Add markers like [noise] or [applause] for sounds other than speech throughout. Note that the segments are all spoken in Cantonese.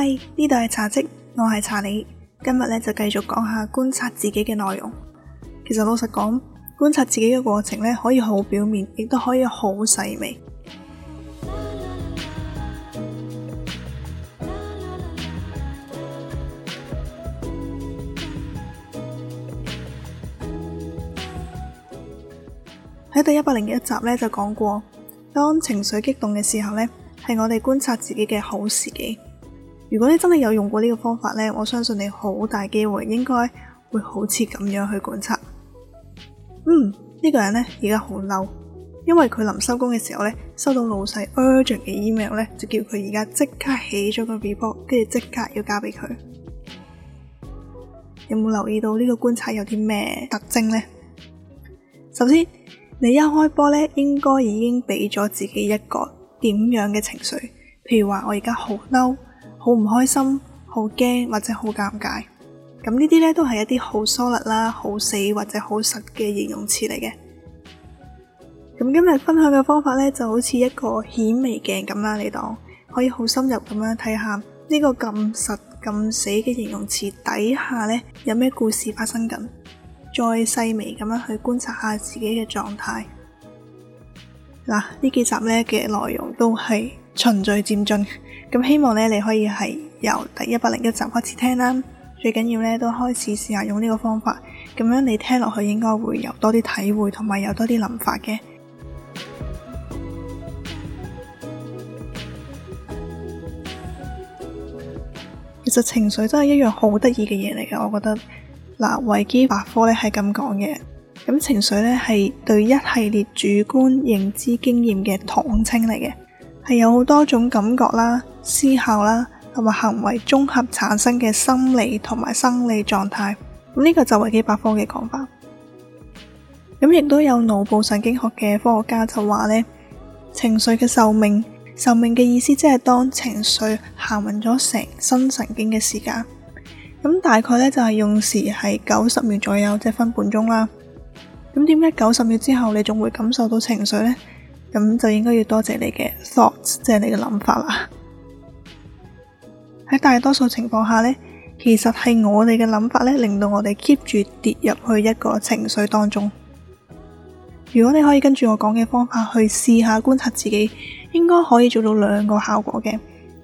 嗨，呢度係茶嘖，我係查理。今日咧，就繼續講下觀察自己嘅內容。其實老實講，觀察自己嘅過程咧，可以好表面，亦都可以好細微。喺第一百零一集咧，就講過，當情緒激動嘅時候咧，係我哋觀察自己嘅好時機。如果你真係有用過呢個方法呢，我相信你好大機會應該會好似咁樣去觀察。嗯，呢、呢個人呢，而家好嬲，因為佢臨收工嘅時候呢，收到老細 urgent 嘅 email 呢，就叫佢而家即刻起咗個 report，跟住即刻要交俾佢。有冇留意到呢個觀察有啲咩特徵呢？首先，你一開波呢，應該已經俾咗自己一個點樣嘅情緒，譬如話我而家好嬲。好唔開心，好驚或者好尷尬，咁呢啲呢，都係一啲好粗略啦、好死或者好實嘅形容詞嚟嘅。咁今日分享嘅方法呢，就好似一個顯微鏡咁啦，你當可以好深入咁樣睇下呢個咁實、咁死嘅形容詞底下呢，有咩故事發生緊，再細微咁樣去觀察下自己嘅狀態。嗱，呢幾集呢嘅內容都係循序漸進。咁希望咧，你可以係由第一百零一集開始聽啦。最緊要咧，都開始試下用呢個方法，咁樣你聽落去應該會有多啲體會，同埋有多啲諗法嘅。其實情緒真係一樣好得意嘅嘢嚟嘅。我覺得嗱，維基百科咧係咁講嘅。咁情緒咧係對一系列主觀認知經驗嘅統稱嚟嘅，係有好多種感覺啦。思考啦，同埋行為綜合產生嘅心理同埋生理狀態，咁呢個就維基百科嘅講法。咁亦都有腦部神經學嘅科學家就話呢，情緒嘅壽命，壽命嘅意思，即係當情緒行運咗成新神經嘅時間，咁大概呢，就係用時係九十秒左右，即係分半鐘啦。咁點解九十秒之後你仲會感受到情緒呢？咁就應該要多謝你嘅 thoughts，即係你嘅諗法啦。喺大多數情況下呢，其實係我哋嘅諗法呢，令到我哋 keep 住跌入去一個情緒當中。如果你可以跟住我講嘅方法去試下觀察自己，應該可以做到兩個效果嘅。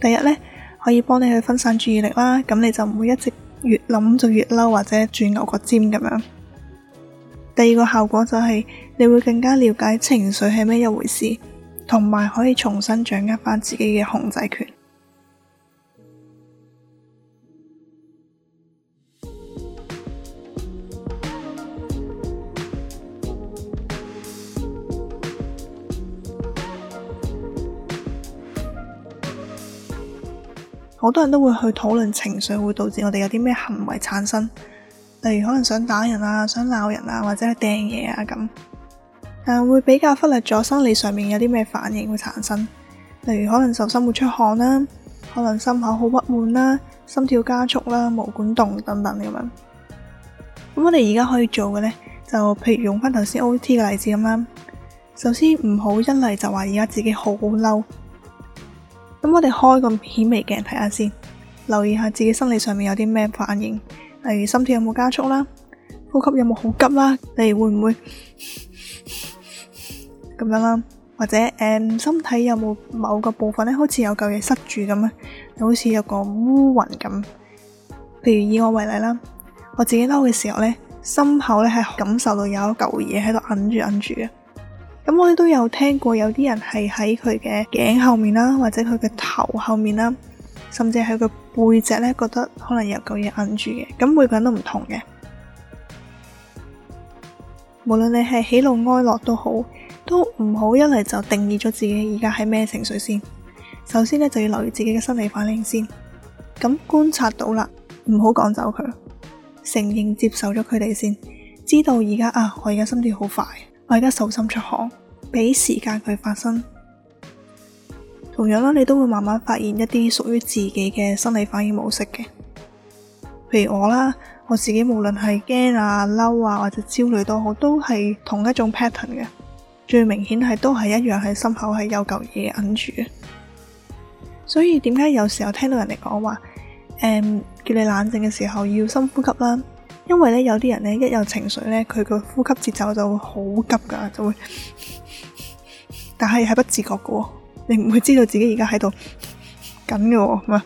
第一呢，可以幫你去分散注意力啦，咁你就唔會一直越諗就越嬲或者轉牛角尖咁樣。第二個效果就係你會更加了解情緒係咩一回事，同埋可以重新掌握返自己嘅控制權。好多人都會去討論情緒會導致我哋有啲咩行為產生，例如可能想打人啊、想鬧人啊，或者掟嘢啊咁。但會比較忽略咗生理上面有啲咩反應會產生，例如可能手心會出汗啦，可能心口好鬱悶啦，心跳加速啦、毛管動等等咁樣。咁我哋而家可以做嘅呢，就譬如用返頭先 OT 嘅例子咁啦。首先唔好一嚟就話而家自己好嬲。咁我哋開個顯微鏡睇下先，留意下自己生理上面有啲咩反應，例如心跳有冇加速啦，呼吸有冇好急啦，例如會唔會咁樣啦，或者誒身體有冇某個部分咧，好似有嚿嘢塞住咁咧，好似有個烏雲咁。譬如以我為例啦，我自己嬲嘅時候咧，心口咧係感受到有一嚿嘢喺度摁住摁住嘅。咁我哋都有聽過，有啲人係喺佢嘅頸後面啦，或者佢嘅頭後面啦，甚至係佢背脊咧，覺得可能有嚿嘢揞住嘅。咁每個人都唔同嘅，無論你係喜怒哀樂都好，都唔好一嚟就定義咗自己而家係咩情緒先。首先咧就要留意自己嘅心理反應先，咁觀察到啦，唔好趕走佢，承認接受咗佢哋先，知道而家啊，我而家心跳好快。我而家手心出汗，俾時間佢發生。同樣啦，你都會慢慢發現一啲屬於自己嘅生理反應模式嘅。譬如我啦，我自己無論係驚啊、嬲啊或者焦慮都好，都係同一種 pattern 嘅。最明顯係都係一樣喺心口係有嚿嘢揞住。所以點解有時候聽到人哋講話，誒、嗯、叫你冷靜嘅時候要深呼吸啦？因為咧有啲人咧一有情緒咧，佢個呼吸節奏就會好急噶，就會， [laughs] 但係係不自覺噶，你唔會知道自己而家喺度緊噶，唔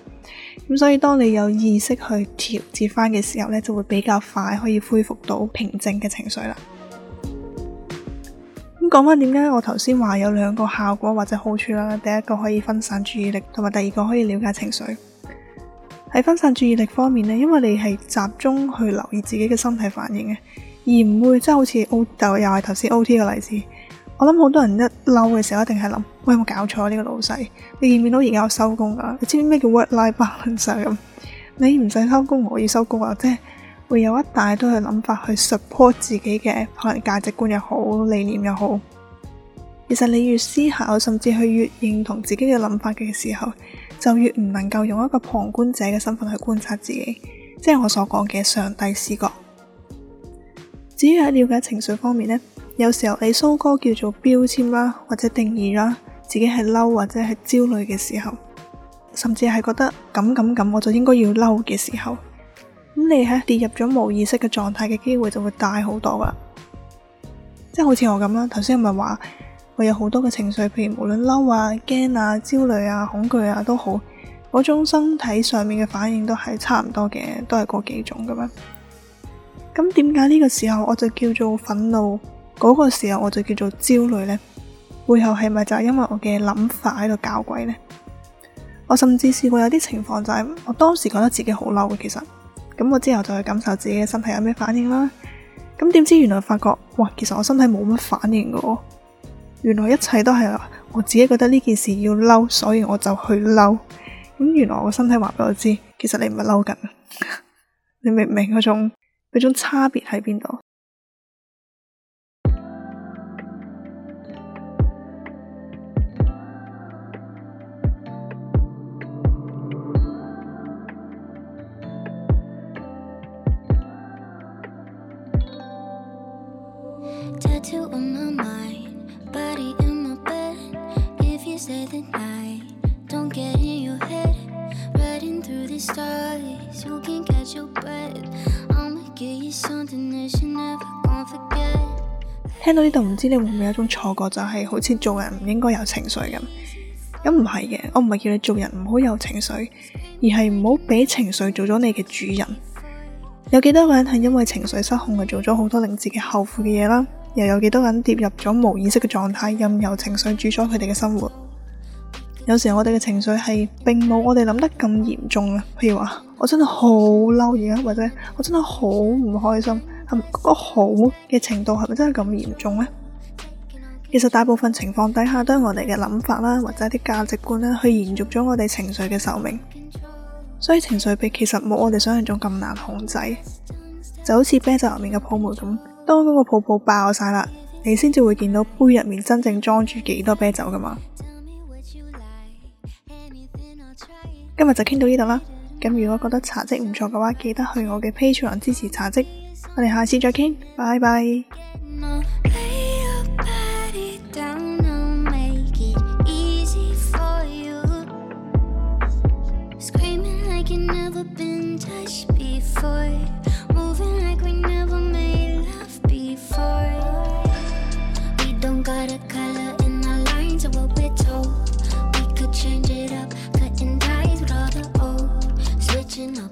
[laughs] 咁所以當你有意識去調節翻嘅時候咧，就會比較快可以恢復到平靜嘅情緒啦。咁講翻點解我頭先話有兩個效果或者好處啦，第一個可以分散注意力，同埋第二個可以了解情緒。喺分散注意力方面呢，因為你係集中去留意自己嘅身體反應嘅，而唔會即係好似 O 就又係頭先 O T 嘅例子。我諗好多人一嬲嘅時候一定係諗，喂，有冇搞錯呢個老細？你見唔見到而家我收工啊？你知唔知咩叫 work-life balance 咁、啊？你唔使收工，我要收工啊啫。即會有一大堆嘅諗法去 support 自己嘅可能價值觀又好，理念又好。其實你越思考，甚至去越認同自己嘅諗法嘅時候，就越唔能夠用一個旁觀者嘅身份去觀察自己，即係我所講嘅上帝視角。至於喺了解情緒方面呢，有時候你 so-called 叫做標籤啦，或者定義啦，自己係嬲或者係焦慮嘅時候，甚至係覺得咁咁咁，我就應該要嬲嘅時候，咁你喺跌入咗無意識嘅狀態嘅機會就會大好多噶，即係好似我咁啦，頭先我咪話。我有好多嘅情緒，譬如無論嬲啊、驚啊、焦慮啊、恐懼啊，都好嗰種身體上面嘅反應都係差唔多嘅，都係嗰幾種咁樣。咁點解呢個時候我就叫做憤怒，嗰、嗰個時候我就叫做焦慮呢？背後係咪就係因為我嘅諗法喺度搞鬼呢？我甚至試過有啲情況就係、是、我當時覺得自己好嬲嘅，其實咁我之後就去感受自己嘅身體有咩反應啦。咁點知原來發覺哇，其實我身體冇乜反應嘅。原來一切都係我自己覺得呢件事要嬲，所以我就去嬲。咁原來我個身體話畀我知，其實你唔係嬲緊， [laughs] 你明唔明嗰種嗰種差別喺邊度？聽到呢度唔知你會唔會有一種錯覺，就係、是、好似做人唔應該有情緒咁。咁唔係嘅，我唔係叫你做人唔好有情緒，而係唔好俾情緒做咗你嘅主人。有幾多個人係因為情緒失控，就做咗好多令自己後悔嘅嘢啦。又有幾多人跌入咗冇意識嘅狀態，任由情緒主宰佢哋嘅生活。有時我哋嘅情緒係並冇我哋諗得咁嚴重啊。譬如話，我真係好嬲而家，或者我真係好唔開心。嗰個好嘅程度，係咪真係咁嚴重呢？其實大部分情況底下都係我哋嘅諗法啦，或者啲價值觀啦，去延續咗我哋情緒嘅壽命。所以情緒被其實冇我哋想象中咁難控制，就好似啤酒入面嘅泡沫咁，當嗰個泡泡爆晒啦，你先至會見到杯入面真正裝住幾多啤酒噶嘛。今日就傾到呢度啦。咁如果覺得茶嘖唔錯嘅話，記得去我嘅 Patreon 支持茶嘖。我哋下次再見，拜拜。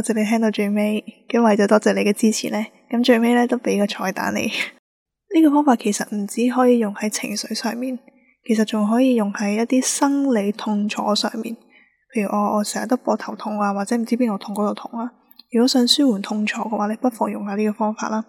多謝你聽到最尾，咁為咗多謝你嘅支持咧，咁最尾咧都俾個彩蛋你。呢 [laughs] 個方法其實唔止可以用喺情緒上面，其實仲可以用喺一啲生理痛楚上面。譬如我我成日都膊頭痛啊，或者唔知邊度痛嗰度痛啊。如果想舒緩痛楚嘅話，你不妨用下呢個方法啦。